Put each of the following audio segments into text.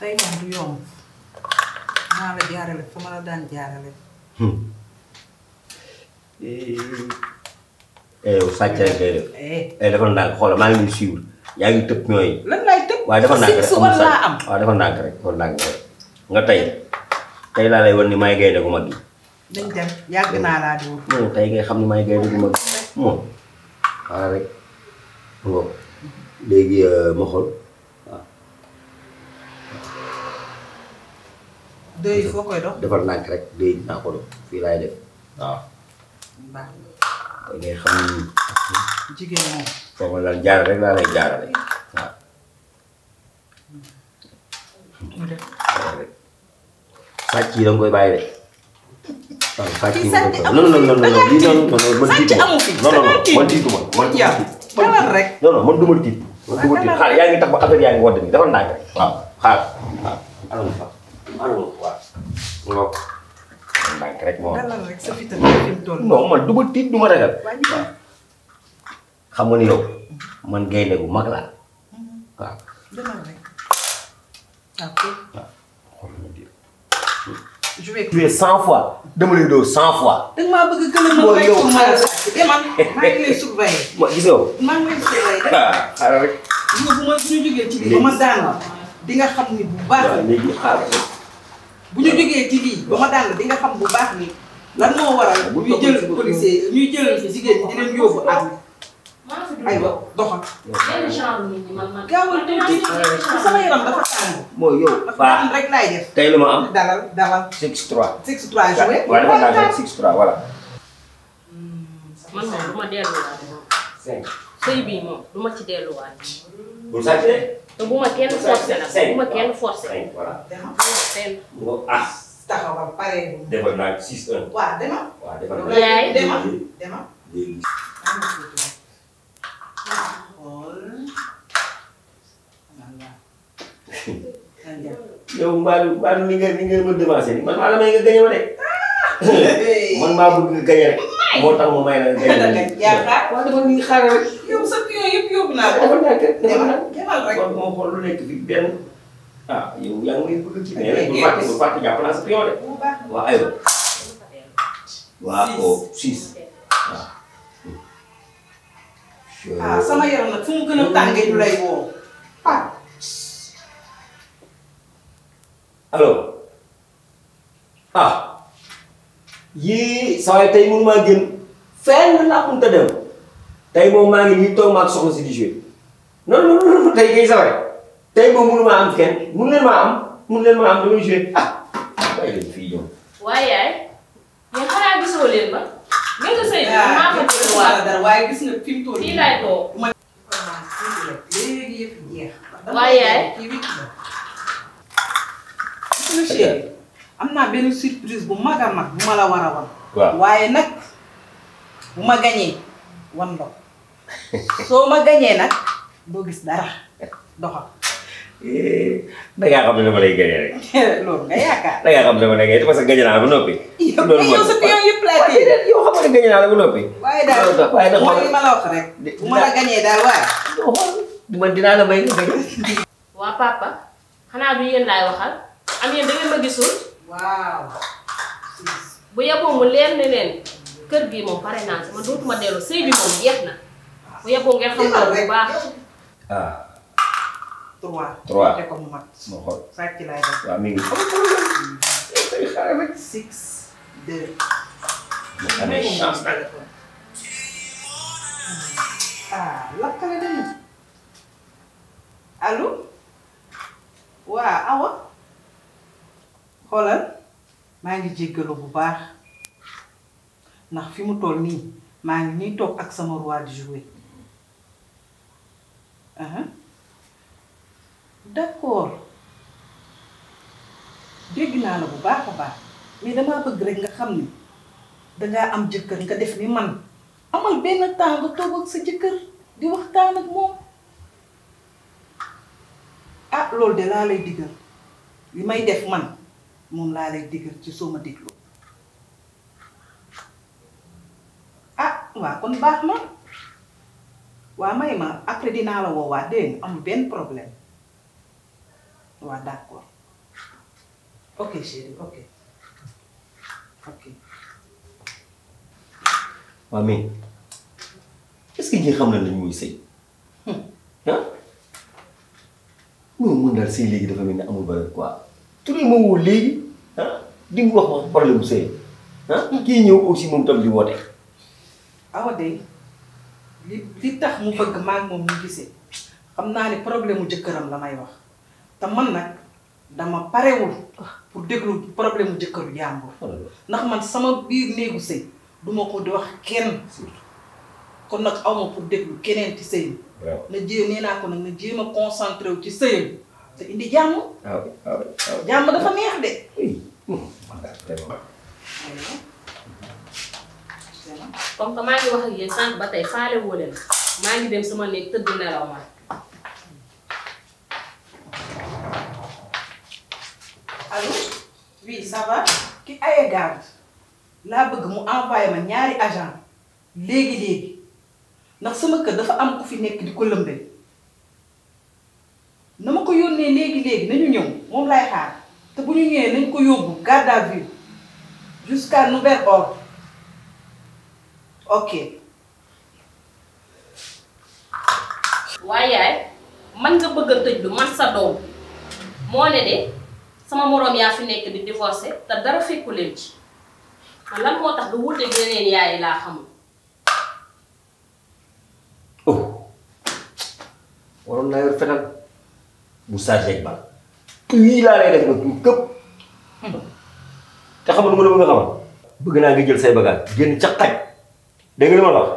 tey moom du yomb maa la jaarale fa ma la daan jaarale. Hmm. Eh, yow sàcc rek ngay def. eh, eh dafa ndànk maa ngi siiwul yaa ngi tëb ñooy. lan lay tëb waaye dafa rek amul nga tey tey laa lay wan ni may gaynde gu mag gi. dañ dem yàgg naa laa di wut. Hmm, tey ngay xam ni may gaynde gu mag moom. waaw rek léegi euh, ma xool. dëy foo koy dox defal nànk rek naa ko dox fii laay def waaw. yi koy bàyyi de. waaw sàcc koy man tiitu ma man tiitu ma man tiitu ma rek. non yaa ngi tax ba affaire yaa ngi wodd nii defal nànk rek ko waaw. ndànk rek man du ma tiit du ma ragal. xam nga ni yow man gaynde gu mag laa mm-hmm. waaw. dalal rek je vais tuer cent fois dama lay dóor cent fois. da nga maa bëgg gën a mën yow eh, ma ah, bu ma jógee ba ma daan di xam ni bu baax. waaw léegi xaaral bu ñu jógee ci lii ba ma dàll di nga xam bu baax ni lan moo waral ah, ñuy jël policier ñuy jël jigéen ñi di leen yóbbu àll. aywa doxal. gaawal tuuti sama yaram dafa tàng. mooy yow baax rek laay def. tey lu ma am dalal dalal. 6-3. rek 6-3 voilà. Hmm, man moom du ma delluwaat moom. sëy bii moom du te bu ma kenn forcé la bu ma kenn forcé. voilà ah. taxawal pare. defal naa 6 1. waaw dama. waaw defal naa yaay dama dama. léegi. yow Mbadou Mbadou ni nga ni nga ma devancé man maa la may nga gañe ma de. Ah, man maa bëgg nga gañe rek. moo tax ma may la nga gañe. yaakaar waaw dama ni xaaral. yow sa pion yëpp yóbbu naa ko. defal rek kon moo xool lu nekk fi benn ah yow yaa ngi bëgg ci mais bu fàtte bu fàtte jàpp naa sa pion de waaw aywa waa o oh, six waaw ah, ah, sama yaram nag fu mu gën a woo ah allo ah yii saa yi tey mënu maa génn fenn dem tey moom maa ngi nii toog si di non non non tey kay saway tey moom mënu maa am kenn mënu leen maa am mënu leen maa am damay joué ah bàyyi leen fii ñoom. waaye yaay mais xanaa gisoo leen ba. mais que sëy bi ah, maa ko jël waaw waaye gis nga fi mu toll nii laay toog. léegi yëf jeex. waaye yaay. suñu chéri am naa benn surprise bu mag a mag bu ma la war a wan. waaw waaye nag bu ma gañee wan la soo ma gañee nag. doo gis dara doxal. Eh, da ne dama lay gagné rek. loolu nga yaakaar. da ngaa xam ne dama lay gagné parce que gagné naa la ba noppi. loolu mooy yow sa pion yow xam ne gagné naa ma la wax rek. bu ma la la may nga papa xanaa du yéen laay waxal am yéen da ma gisul. bu yeboo mu leer ne leen kër gii moom pare naa si man dootuma dellu sëy moom jeex na bu yeboo ngeen xam ko bu baax. ah. trois trois te ko mu mat. ma xool sàcc laay def. waaw mi ngi xool. six deux. Ah, allo. waa xoolal maa ngi jéggalu bu baax ndax fi mu toll nii maa ngi nii toog ak sama roi di d'accord dégg naa la bu baax a baax mais damaa bëgg rekk nga xam ni dangaa am jëkkër nga def ni man amal benn temps nga toog ak sa jëkkër di waxtaan ak moom ah loolu de laa lay diggal li may def man moom laa lay diggal ci soo ma déglu ah waa kon baax na waa may ma après dinaa la woowaat dégg nga amul benn problème waa d'accord ok chérie ok ok. waa mais est-ce que ñi xam nañ ne ñuy sëy ah hmm. ñoom mën daal sëy léegi dafa mel ni amul valeur quoi tur yi ma woo léegi ah di nga wax ma problème mu sëy ah kii ñëw aussi moom tam di woote. awa ah, de. li li tax mu bëgg maag moom ñu gisee xam naa ne problème mu jëkkëram la may wax te man nag dama parewul pour déglu problème mu jëkkëru jàmbur oh ndax man sama biir néegu sëy duma ko di wax kenn kon nag awma pour déglu keneen ci sëy na jéem nee naa ko nag na jéem a concentré wu ci sëyam te indi jàmm ah ah ah jàmm dafa neex de comme que maa ngi wax ak yéen sànq ba tey faale woo maa ngi dem sama néeg tëdd nelaw ma allo oui ça va ki aye garde laa bëgg mu envoyé ma ñaari agent léegi-léegi ndax sama kër dafa am ku fi nekk di ko lëmbe na ma ko yónnee léegi-léegi nañu ñëw moom lay xaar te bu ñu ñëwee nañ ko yóbbu garde à vue jusqu'à nouvel ordre ok. waaye yaay man nga bëgg a tëj lu man sa doom moo ne de sama moroom yaa fi nekk di divorcé te dara fekku leen ci lan moo tax lu wuteeg yeneen yaay laa xamul. oh waroon naa yor fetal bu chargé ak bal kii laa lay def nga tuur këpp hmm. te xamal lu ma la bëgg a xamal bëgg naa nga jël say bagages génn ca xaj. dégg nga la wax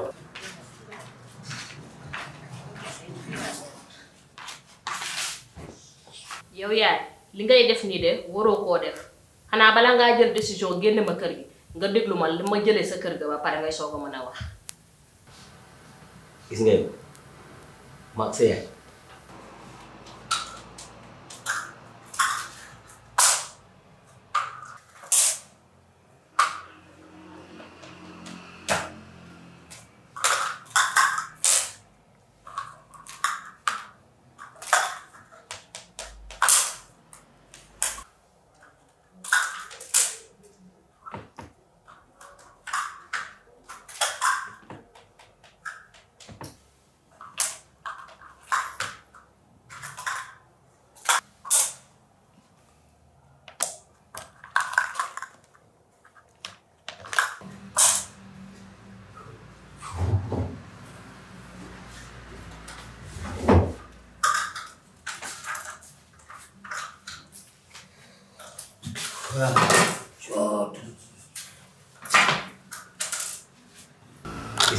yow yaay li ngay def nii de waroo koo def xanaa balaa ngaa jël décision génn ma kër gi nga déglu ma li ma jëlee sa kër ga ba pare ngay soog a mën a wax. gis nga yow ma ak gis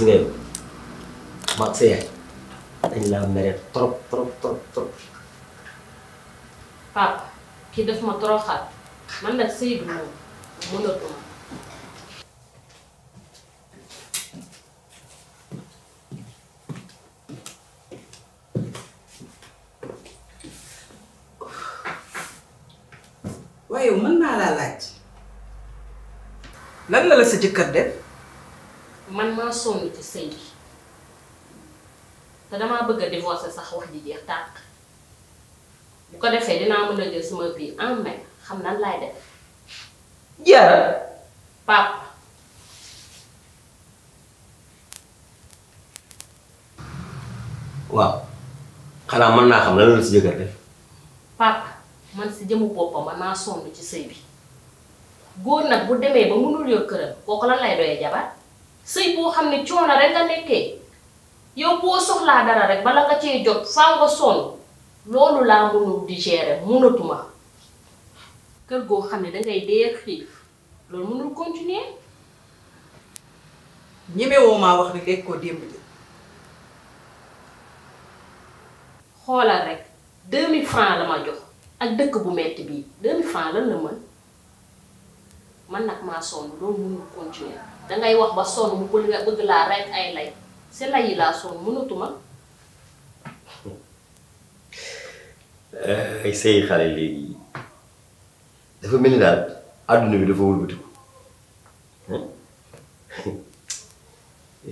nga yow mag sa yaay dañ la mere trop trop trop trop. papa kii daf ma toroxaat man nag sëy bi moom mënatuma lan la la sa jëkkër def man maa sonn ci sëy bi te damaa bëgg a divorcer sax wax ji jeex tàq bu ko defee dinaa mën a jël sama bii en xam na laay def jaara pap waaw xanaa mën naa xam lan la la sa jëkkër def pap man si jëmu boppam man maa sonn ci sëy bi góor nag bu demee ba mënul yor këram kooku lan lay doyee jabar sëy boo xam ne coono rek nga nekkee yow boo soxlaa dara rek bala nga cee jot faa nga sonn loolu laa mënul di gérer kër goo xam ne dangay dee xiif loolu mënul continuer ñemewoo maa wax ni lekk ko démb ji xoolal rek deux francs la jox ak dëkk bu metti bii deux francs lan la mën man nag maa sonn loolu mënul continuer dangay wax ba sonn mu bëgg nga bëgg laa rek ay lay si lay yi laa sonn mënatuma eh, ay sëy xale léegi dafa mel ni daal àdduna bi dafa wëlbatiku eh.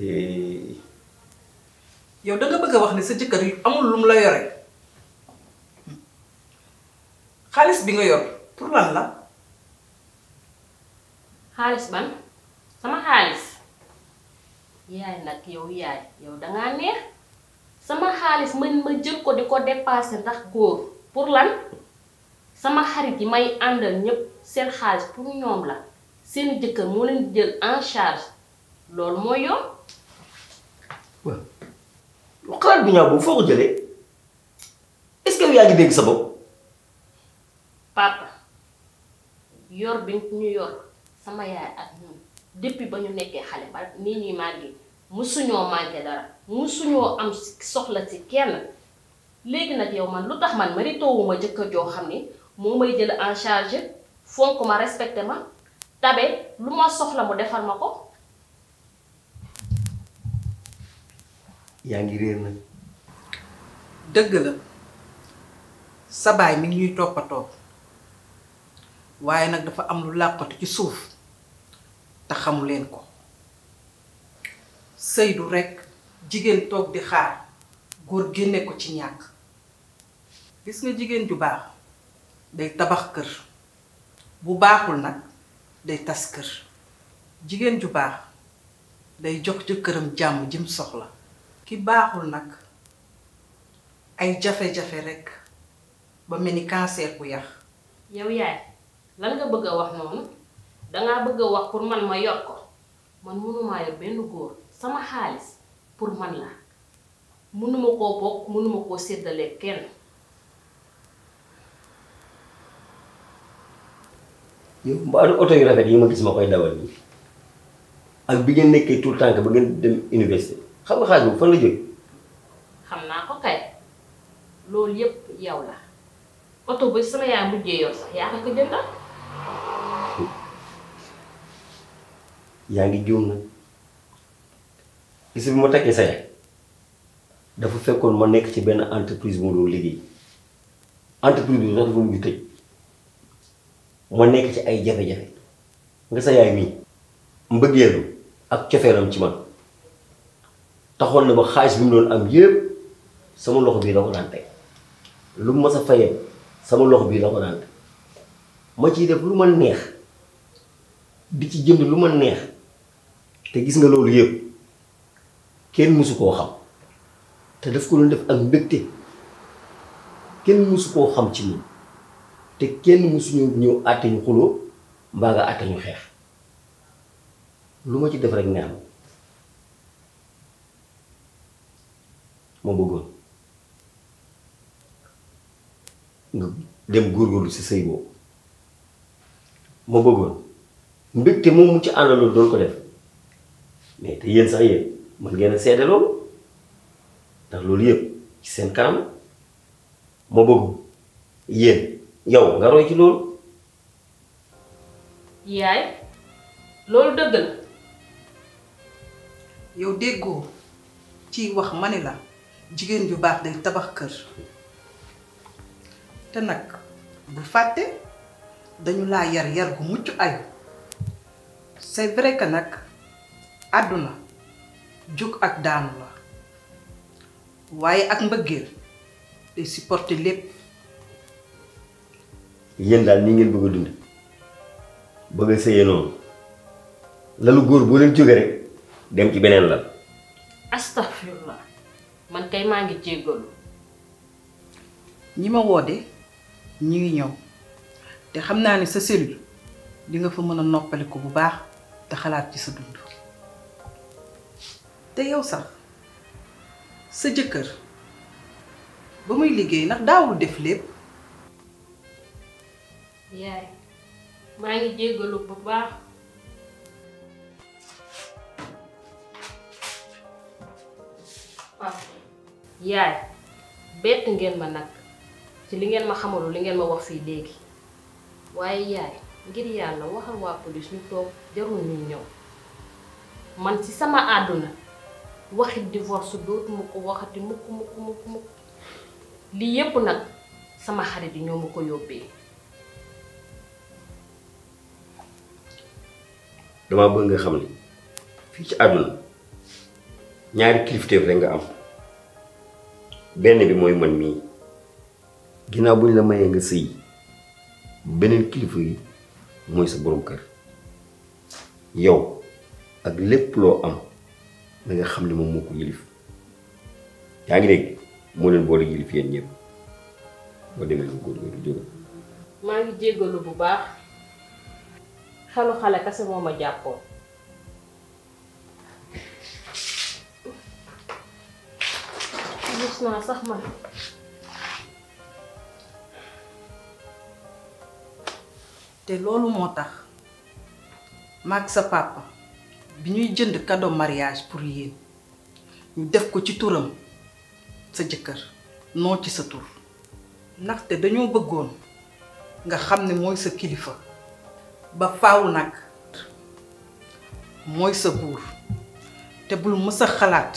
Eh. yow da bëgg a wax ne sa jëkkër yu amul lu mu la yore xaalis bi nga yor pour lan la xaalis ban sama xaalis yaay nag yow yaay yow dangaa neex sama xaalis man ma jël ko di ko dépasser ndax góor pour lan sama xarit yi may àndal ñépp seen xaalis pour ñoom la seen jëkkër moo leen jël en charge loolu mooy yoon xalaat bu ñaaw boobu foo ko jëlee est-ce que dégg sa bopp papa yor bi ñu yor sama yaay ak ñun depuis ba ñu nekkee xale ba nii ñuy mu musuñoo màggee dara musuñoo am soxla si kenn léegi nag yow man lu tax man maritoowuma jëkkër joo xam ne moo may jël en charge fonk ma respecté ma tabe lu ma soxla mu defar ma ko yaa ngi réer nag dëgg la sa baay mi ngi ñuy toppatoo waaye nag dafa am lu làqatu ci suuf xamuleen ko sëy rekk jigéen toog di xaar góor génne ko ci ñàkk gis nga jigéen ju baax day tabax kër bu baaxul nag day tas kër jigéen ju baax day jox këram jàmm jim soxla ki baaxul nag ay jafe-jafe rekk ba mel ni cancer bu yax yow yaay lan nga bëgg a wax noonu dangaa bëgg a wax pour man ma yor ko man mënumaa yor benn góor sama xaalis pour man la mënuma koo bokk mënuma koo séddale kenn yow mbaa oto yu rafet yi ma gis ma koy dawal nii ak bi ngeen nekkee tout tànk ba ngeen dem université xam nga xaalis boobu fan la jóge xam naa ko kay loolu yépp yow la oto ba sama yaa mujjee yor sax yaa ko jëndal yaa ngi juum nag gis bi ma takkee sa dafa fekkoon ma nekk ci benn entreprise bu ma doon liggéey entreprise bi sax dafa mujj tëj ma nekk ci ay jafe-jafe nga sa yaay mii mbëggeelu ak cofeelam ci man taxoon na ba xaalis bi mu doon am yépp sama loxo bii la ko daan teg lu ma sa fayee sama loxo bii la ko daan teg ma ciy def lu ma neex di ci jënd lu ma neex te gis nga loolu yëpp kenn mësu koo xam te daf ko doon def ak mbégte kenn mësu koo xam ci ñun te kenn mësuñu ñëw àtte ñu xuloo mbaa nga àtte xeex lu ma ci def rek neex ma bëggoon nga dem góorgóorlu si sëy boobu ma bëggoon mbégte moom mu ci àndaloo doon ko def mais te yéen sax yéen mën ngeen a seede loolu ndax loolu yëpp ci seen kanam ma bëgg yéen yow nga roy ci loolu. yaay loolu dëgg la. yow déggoo ciy wax ma ni la jigéen ju baax day tabax kër te nag bu fàtte dañu laa yar yar gu mucc ayu c'est vrai que nag. àdduna jóg ak daanu la waaye ak mbëggeel day supporter lépp yéen daal nii ngeen bëgg a dund bëgg a noonu lalu góor boo leen jóge rek dem ci beneen lal astaghfirullah man kay maa ngi jéggalu ñi ma woode ñi ngi ñëw te xam naa ni sa cellule di nga fa mën a noppaliku bu baax te xalaat ci sa dund te yow sax sa jëkkër ba muy liggéey ndax daawul def lépp. yaay maa ngi jéggalu bu baax. waaw. yaay bett ngeen ma nag ci li ngeen ma xamalu li ngeen ma wax fii léegi waaye yaay ngir yàlla waxal waa polis ñu toog jarul ñuy ñëw man ci sama àdduna. waxi divorce dootuma ko waxati mukk mukk mukk lii yépp nag sama xarit yi ñoo ma ko yóbbee damaa bëgg nga xam ne fii ci àdduna ñaari kilifteef rek nga am benn bi mooy man mii ginnaaw bu ñu la mayee nga sëy beneen kilifa yi mooy sa borom kër yow ak lépp loo am da xam ne moom moo ko yilif yaa ngi dégg moo leen boole yilif yéen ñëpp boo demee nga góorgóorlu jógal. maa ngi jéggalu bu baax xalu xale kese moo ma jàppoon. gis naa sax man. te loolu moo tax maag sa papa. bi ñuy jënd cadeau mariage pour yéen ñu def ko ci turam sa jëkkër non ci sa tur ndaxte dañoo bëggoon nga xam ne mooy sa kilifa ba faaw nag mooy sa buur te bul mësa a xalaat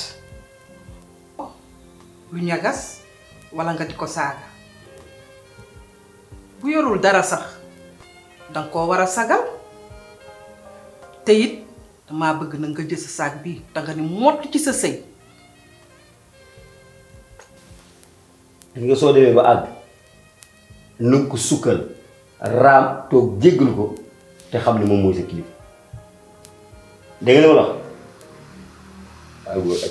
lu ñagas walla nga di ko saaga bu yorul dara sax danga koo war a sagal te damaa bëgg na nga jël sa saag bii te nga ni mott ci sa sëy. li nga soo demee ba àgg na nga ko sukkal raam toog jéggal ko te xam ne moom mooy sa kilifa dégg nga li ma la